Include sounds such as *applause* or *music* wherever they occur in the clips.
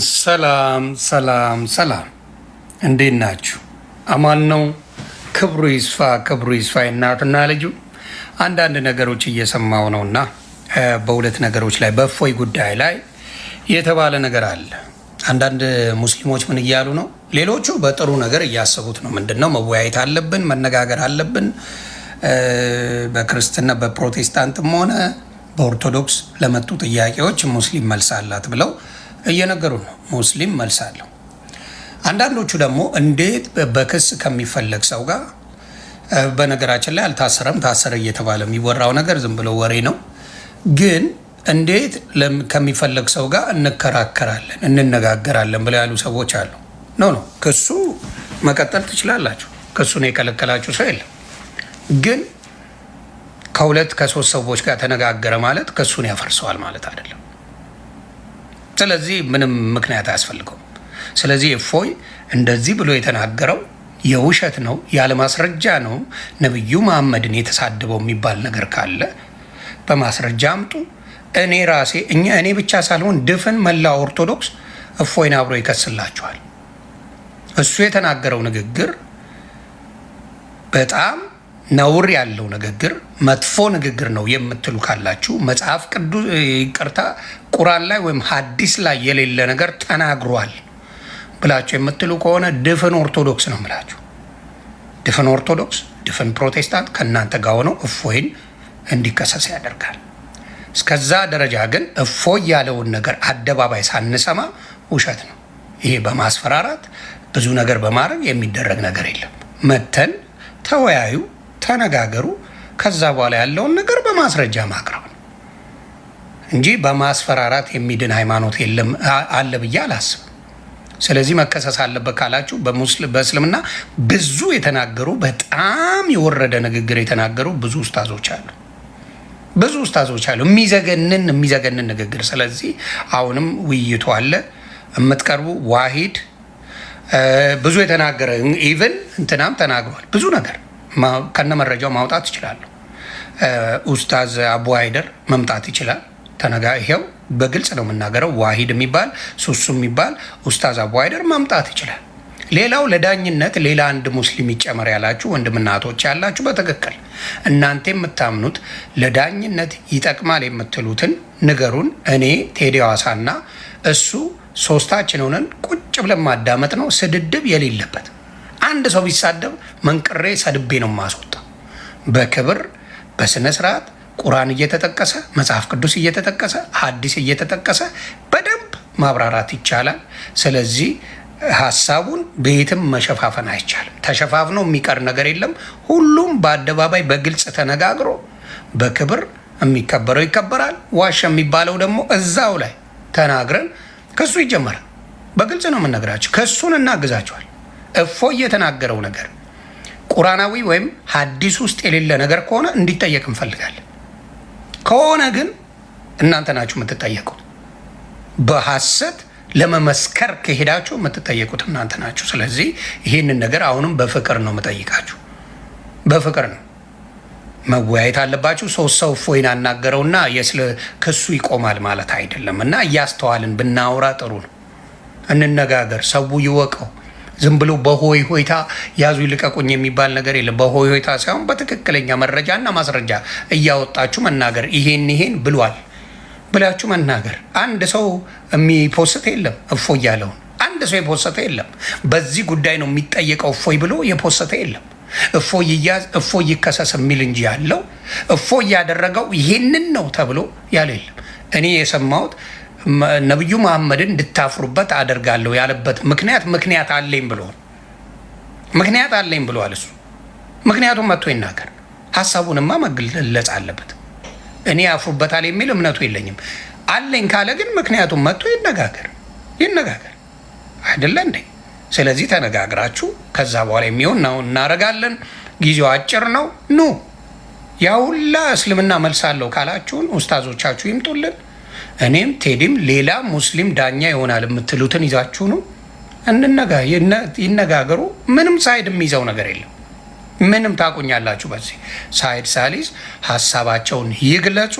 ሰላም ሰላም ሰላም፣ እንዴት ናችሁ? አማን ነው። ክብሩ ይስፋ ክብሩ ይስፋ። እናትና ልጁ አንዳንድ ነገሮች እየሰማው ነው እና በሁለት ነገሮች ላይ በእፎይ ጉዳይ ላይ የተባለ ነገር አለ። አንዳንድ ሙስሊሞች ምን እያሉ ነው? ሌሎቹ በጥሩ ነገር እያሰቡት ነው። ምንድን ነው መወያየት አለብን፣ መነጋገር አለብን። በክርስትና በፕሮቴስታንትም ሆነ በኦርቶዶክስ ለመጡ ጥያቄዎች ሙስሊም መልስ አላት ብለው እየነገሩ ነው። ሙስሊም መልስ አለው። አንዳንዶቹ ደግሞ እንዴት በክስ ከሚፈለግ ሰው ጋር በነገራችን ላይ አልታሰረም፣ ታሰረ እየተባለ የሚወራው ነገር ዝም ብሎ ወሬ ነው። ግን እንዴት ከሚፈለግ ሰው ጋር እንከራከራለን፣ እንነጋገራለን ብለው ያሉ ሰዎች አሉ። ኖ ኖ፣ ክሱ መቀጠል ትችላላችሁ። ክሱን የከለከላችሁ ሰው የለም። ግን ከሁለት ከሶስት ሰዎች ጋር ተነጋገረ ማለት ክሱን ያፈርሰዋል ማለት አይደለም። ስለዚህ ምንም ምክንያት አያስፈልገውም። ስለዚህ እፎይ እንደዚህ ብሎ የተናገረው የውሸት ነው፣ ያለ ማስረጃ ነው። ነቢዩ መሐመድን የተሳደበው የሚባል ነገር ካለ በማስረጃ አምጡ። እኔ ራሴ እኛ እኔ ብቻ ሳልሆን ድፍን መላ ኦርቶዶክስ እፎይን አብሮ ይከስላችኋል። እሱ የተናገረው ንግግር በጣም ነውር ያለው ንግግር መጥፎ ንግግር ነው የምትሉ ካላችሁ መጽሐፍ ቅዱስ ይቅርታ፣ ቁራን ላይ ወይም ሀዲስ ላይ የሌለ ነገር ተናግሯል ብላችሁ የምትሉ ከሆነ ድፍን ኦርቶዶክስ ነው ምላችሁ። ድፍን ኦርቶዶክስ፣ ድፍን ፕሮቴስታንት ከእናንተ ጋር ሆነው እፎይን እንዲከሰስ ያደርጋል። እስከዛ ደረጃ ግን እፎይ ያለውን ነገር አደባባይ ሳንሰማ ውሸት ነው ይሄ በማስፈራራት ብዙ ነገር በማድረግ የሚደረግ ነገር የለም። መተን ተወያዩ። ተነጋገሩ። ከዛ በኋላ ያለውን ነገር በማስረጃ ማቅረብ ነው እንጂ በማስፈራራት የሚድን ሃይማኖት የለም አለ ብዬ አላስብም። ስለዚህ መከሰስ አለበት ካላችሁ በእስልምና ብዙ የተናገሩ በጣም የወረደ ንግግር የተናገሩ ብዙ ውስታዞች አሉ ብዙ ውስታዞች አሉ። የሚዘገንን የሚዘገንን ንግግር። ስለዚህ አሁንም ውይይቱ አለ የምትቀርቡ ዋሂድ ብዙ የተናገረ ኢቨን እንትናም ተናግሯል ብዙ ነገር ከነ መረጃው ማውጣት እችላለሁ። ኡስታዝ አቡ ሃይደር መምጣት ይችላል። ተነጋ ይሄው በግልጽ ነው የምናገረው። ዋሂድ የሚባል ሱሱ የሚባል ኡስታዝ አቡ ሃይደር መምጣት ይችላል። ሌላው ለዳኝነት ሌላ አንድ ሙስሊም ይጨመር ያላችሁ ወንድምና እህቶች ያላችሁ በትክክል እናንተ የምታምኑት ለዳኝነት ይጠቅማል የምትሉትን ንገሩን። እኔ ቴዲ እሱ ሶስታችን ሆነን ቁጭ ብለን ማዳመጥ ነው፣ ስድድብ የሌለበት አንድ ሰው ቢሳደብ መንቅሬ ሰድቤ ነው ማስወጣ። በክብር በስነ ስርዓት ቁርአን እየተጠቀሰ መጽሐፍ ቅዱስ እየተጠቀሰ ሐዲስ እየተጠቀሰ በደንብ ማብራራት ይቻላል። ስለዚህ ሀሳቡን ቤትም መሸፋፈን አይቻልም። ተሸፋፍኖ የሚቀር ነገር የለም። ሁሉም በአደባባይ በግልጽ ተነጋግሮ በክብር የሚከበረው ይከበራል። ዋሻ የሚባለው ደግሞ እዛው ላይ ተናግረን ከሱ ይጀመራል። በግልጽ ነው የምነግራቸው። ከሱን እናግዛቸዋል። እፎይ የተናገረው ነገር ቁራናዊ ወይም ሀዲስ ውስጥ የሌለ ነገር ከሆነ እንዲጠየቅ እንፈልጋለን። ከሆነ ግን እናንተ ናችሁ የምትጠየቁት። በሐሰት ለመመስከር ከሄዳችሁ የምትጠየቁት እናንተ ናችሁ። ስለዚህ ይህንን ነገር አሁንም በፍቅር ነው የምጠይቃችሁ፣ በፍቅር ነው መወያየት አለባችሁ። ሶስት ሰው እፎይን አናገረውና የስለ ክሱ ይቆማል ማለት አይደለም እና እያስተዋልን ብናውራ ጥሩ ነው። እንነጋገር፣ ሰው ይወቀው። ዝም ብሎ በሆይ ሆይታ ያዙ ይልቀቁኝ የሚባል ነገር የለም። በሆይ ሆይታ ሳይሆን በትክክለኛ መረጃ እና ማስረጃ እያወጣችሁ መናገር፣ ይሄን ይሄን ብሏል ብላችሁ መናገር። አንድ ሰው የሚፖስት የለም እፎ እያለውን አንድ ሰው የፖሰተ የለም። በዚህ ጉዳይ ነው የሚጠየቀው እፎይ ብሎ የፖሰተ የለም። እፎ ይያዝ፣ እፎ ይከሰስ የሚል እንጂ ያለው እፎ ያደረገው ይሄንን ነው ተብሎ ያለ የለም። እኔ የሰማሁት ነቢዩ መሐመድን እንድታፍሩበት አደርጋለሁ ያለበት ምክንያት ምክንያት አለኝ ብሏል። ምክንያት አለኝ ብሏል። እሱ ምክንያቱም መጥቶ ይናገር፣ ሀሳቡንማ መግለጽ አለበት። እኔ ያፍሩበታል የሚል እምነቱ የለኝም አለኝ ካለ ግን ምክንያቱም መጥቶ ይነጋገር ይነጋገር አይደለ እንዴ? ስለዚህ ተነጋግራችሁ ከዛ በኋላ የሚሆን ነው እናደርጋለን። ጊዜው አጭር ነው። ኑ ያሁላ እስልምና መልስ አለው ካላችሁን ኡስታዞቻችሁ ይምጡልን። እኔም ቴዲም ሌላ ሙስሊም ዳኛ ይሆናል የምትሉትን ይዛችሁ ነው ይነጋገሩ። ምንም ሳይድ የሚይዘው ነገር የለም። ምንም ታቁኛላችሁ። በዚህ ሳይድ ሳሊዝ ሀሳባቸውን ይግለጹ።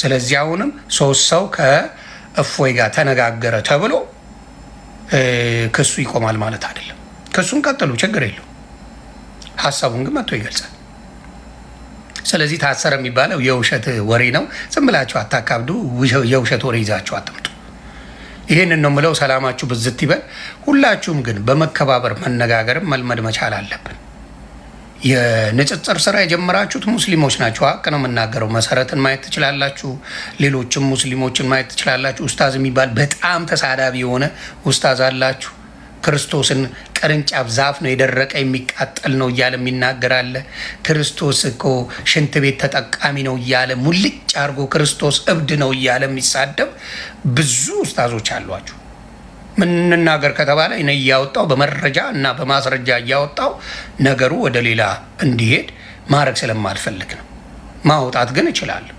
ስለዚህ አሁንም ሶስት ሰው ከእፎይ ጋር ተነጋገረ ተብሎ ክሱ ይቆማል ማለት አይደለም። ክሱን ቀጥሉ፣ ችግር የለው። ሀሳቡን ግን መጥቶ ይገልጻል። ስለዚህ ታሰረ የሚባለው የውሸት ወሬ ነው። ዝም ብላችሁ አታካብዱ። የውሸት ወሬ ይዛችሁ አትምጡ። ይህንን ነው ምለው። ሰላማችሁ ብዝት ይበል። ሁላችሁም ግን በመከባበር መነጋገርም መልመድ መቻል አለብን። የንጽጽር ስራ የጀመራችሁት ሙስሊሞች ናቸው። ሀቅ ነው የምናገረው። መሰረትን ማየት ትችላላችሁ። ሌሎችም ሙስሊሞችን ማየት ትችላላችሁ። ኡስታዝ የሚባል በጣም ተሳዳቢ የሆነ ኡስታዝ አላችሁ። ክርስቶስን ቅርንጫፍ ዛፍ ነው የደረቀ የሚቃጠል ነው እያለ የሚናገራለ። ክርስቶስ እኮ ሽንት ቤት ተጠቃሚ ነው እያለ ሙልጭ አድርጎ ክርስቶስ እብድ ነው እያለ የሚሳደብ ብዙ ውስታዞች አሏችሁ። ምንናገር ከተባለ እኔ እያወጣው በመረጃ እና በማስረጃ እያወጣው ነገሩ ወደ ሌላ እንዲሄድ ማድረግ ስለማልፈልግ ነው። ማውጣት ግን እችላለሁ።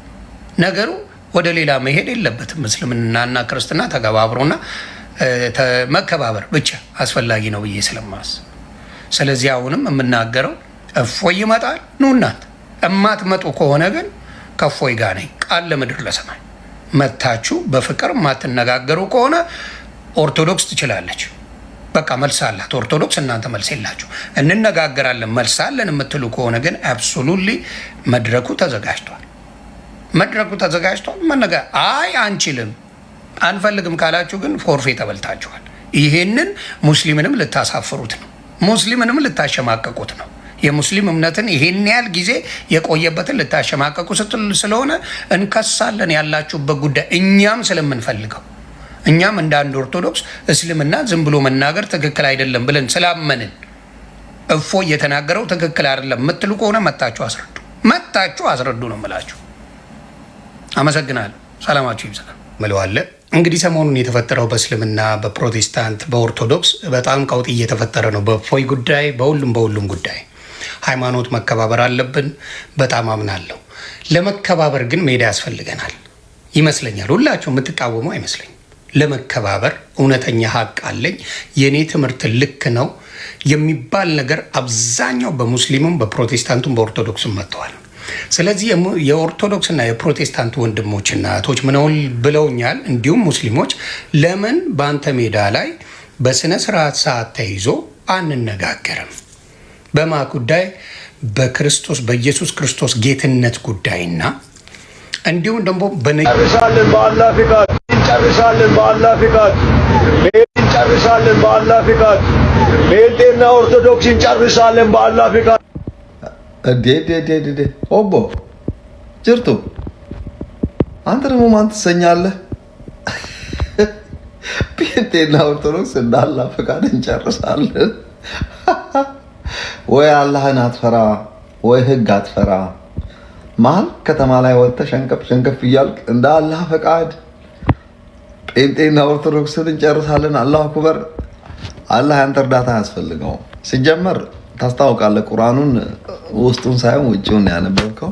ነገሩ ወደ ሌላ መሄድ የለበትም። እስልምናና ክርስትና ተገባብሮና መከባበር ብቻ አስፈላጊ ነው ብዬ ስለማስ ስለዚህ አሁንም የምናገረው እፎይ ይመጣል ኑ እናት እማትመጡ ከሆነ ግን ከእፎይ ጋር ነኝ ቃል ለምድር ለሰማይ መታችሁ በፍቅር የማትነጋገሩ ከሆነ ኦርቶዶክስ ትችላለች። በቃ መልስ አላት ኦርቶዶክስ። እናንተ መልስ የላችሁ። እንነጋገራለን መልስ አለን የምትሉ ከሆነ ግን አብሶሉትሊ መድረኩ ተዘጋጅቷል። መድረኩ ተዘጋጅቷል። መነጋ አይ አንችልም አንፈልግም ካላችሁ ግን ፎርፌ ተበልታችኋል። ይሄንን ሙስሊምንም ልታሳፍሩት ነው። ሙስሊምንም ልታሸማቀቁት ነው። የሙስሊም እምነትን ይሄን ያህል ጊዜ የቆየበትን ልታሸማቀቁ ስትል ስለሆነ እንከሳለን ያላችሁበት ጉዳይ እኛም ስለምንፈልገው እኛም እንደ አንድ ኦርቶዶክስ እስልምና ዝም ብሎ መናገር ትክክል አይደለም ብለን ስላመንን እፎ እየተናገረው ትክክል አይደለም የምትሉ ከሆነ መታችሁ አስረዱ፣ መታችሁ አስረዱ ነው የምላችሁ። አመሰግናለሁ። ሰላማችሁ ይብዛ። ምለዋለን እንግዲህ ሰሞኑን የተፈጠረው በእስልምና፣ በፕሮቴስታንት፣ በኦርቶዶክስ በጣም ቀውጥ እየተፈጠረ ነው። በፎይ ጉዳይ፣ በሁሉም በሁሉም ጉዳይ ሃይማኖት መከባበር አለብን። በጣም አምናለሁ። ለመከባበር ግን ሜዳ ያስፈልገናል ይመስለኛል። ሁላችሁ የምትቃወሙ አይመስለኝም። ለመከባበር እውነተኛ ሀቅ አለኝ የእኔ ትምህርት ልክ ነው የሚባል ነገር አብዛኛው በሙስሊሙም፣ በፕሮቴስታንቱም፣ በኦርቶዶክስም መጥተዋል። ስለዚህ የኦርቶዶክስና የፕሮቴስታንት ወንድሞችና እህቶች ምነውን ብለውኛል። እንዲሁም ሙስሊሞች ለምን በአንተ ሜዳ ላይ በስነ ስርዓት ሰዓት ተይዞ አንነጋገርም? በማ ጉዳይ በክርስቶስ በኢየሱስ ክርስቶስ ጌትነት ጉዳይና እንዲሁም ደግሞ ጨርሳለን በአላ ፍቃድ ጨርሳለን በአላ ፍቃድ ጨርሳለን በአላ ፍቃድ ሜልጤና ኦርቶዶክስ ጨርሳለን በአላ ፍቃድ ኦቦ eh, ጅርቱ አንተ ደግሞ ማን ትሰኛለህ? *laughs* ጴንጤና ኦርቶዶክስ እንዳላ ፈቃድ እንጨርሳለን። *laughs* ወይ አላህን አትፈራ ወይ ህግ አትፈራ። መሀል ከተማ ላይ ወጥተህ ሸንቀፍ ሸንቀፍ እያልክ እንደ አላህ ፈቃድ ጴንጤና ኦርቶዶክስን እንጨርሳለን። አላሁ አክበር። አላህ ያንተ እርዳታ አያስፈልገውም ሲጀመር ታስታውቃለህ። ቁርአኑን ውስጡን ሳይሆን ውጭውን ያነበብከው።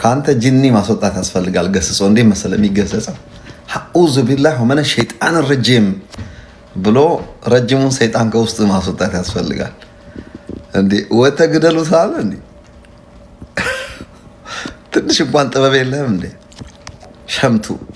ከአንተ ጅኒ ማስወጣት ያስፈልጋል። ገስጾ እንዴ መሰለ የሚገሰጸው አዑዙ ቢላህ ወመነ ሸይጣን ረጂም ብሎ ረጅሙን ሰይጣን ከውስጥ ማስወጣት ያስፈልጋል። እንዴ ወተ ግደሉ አለ እንዴ? ትንሽ እንኳን ጥበብ የለህም እንዴ ሸምቱ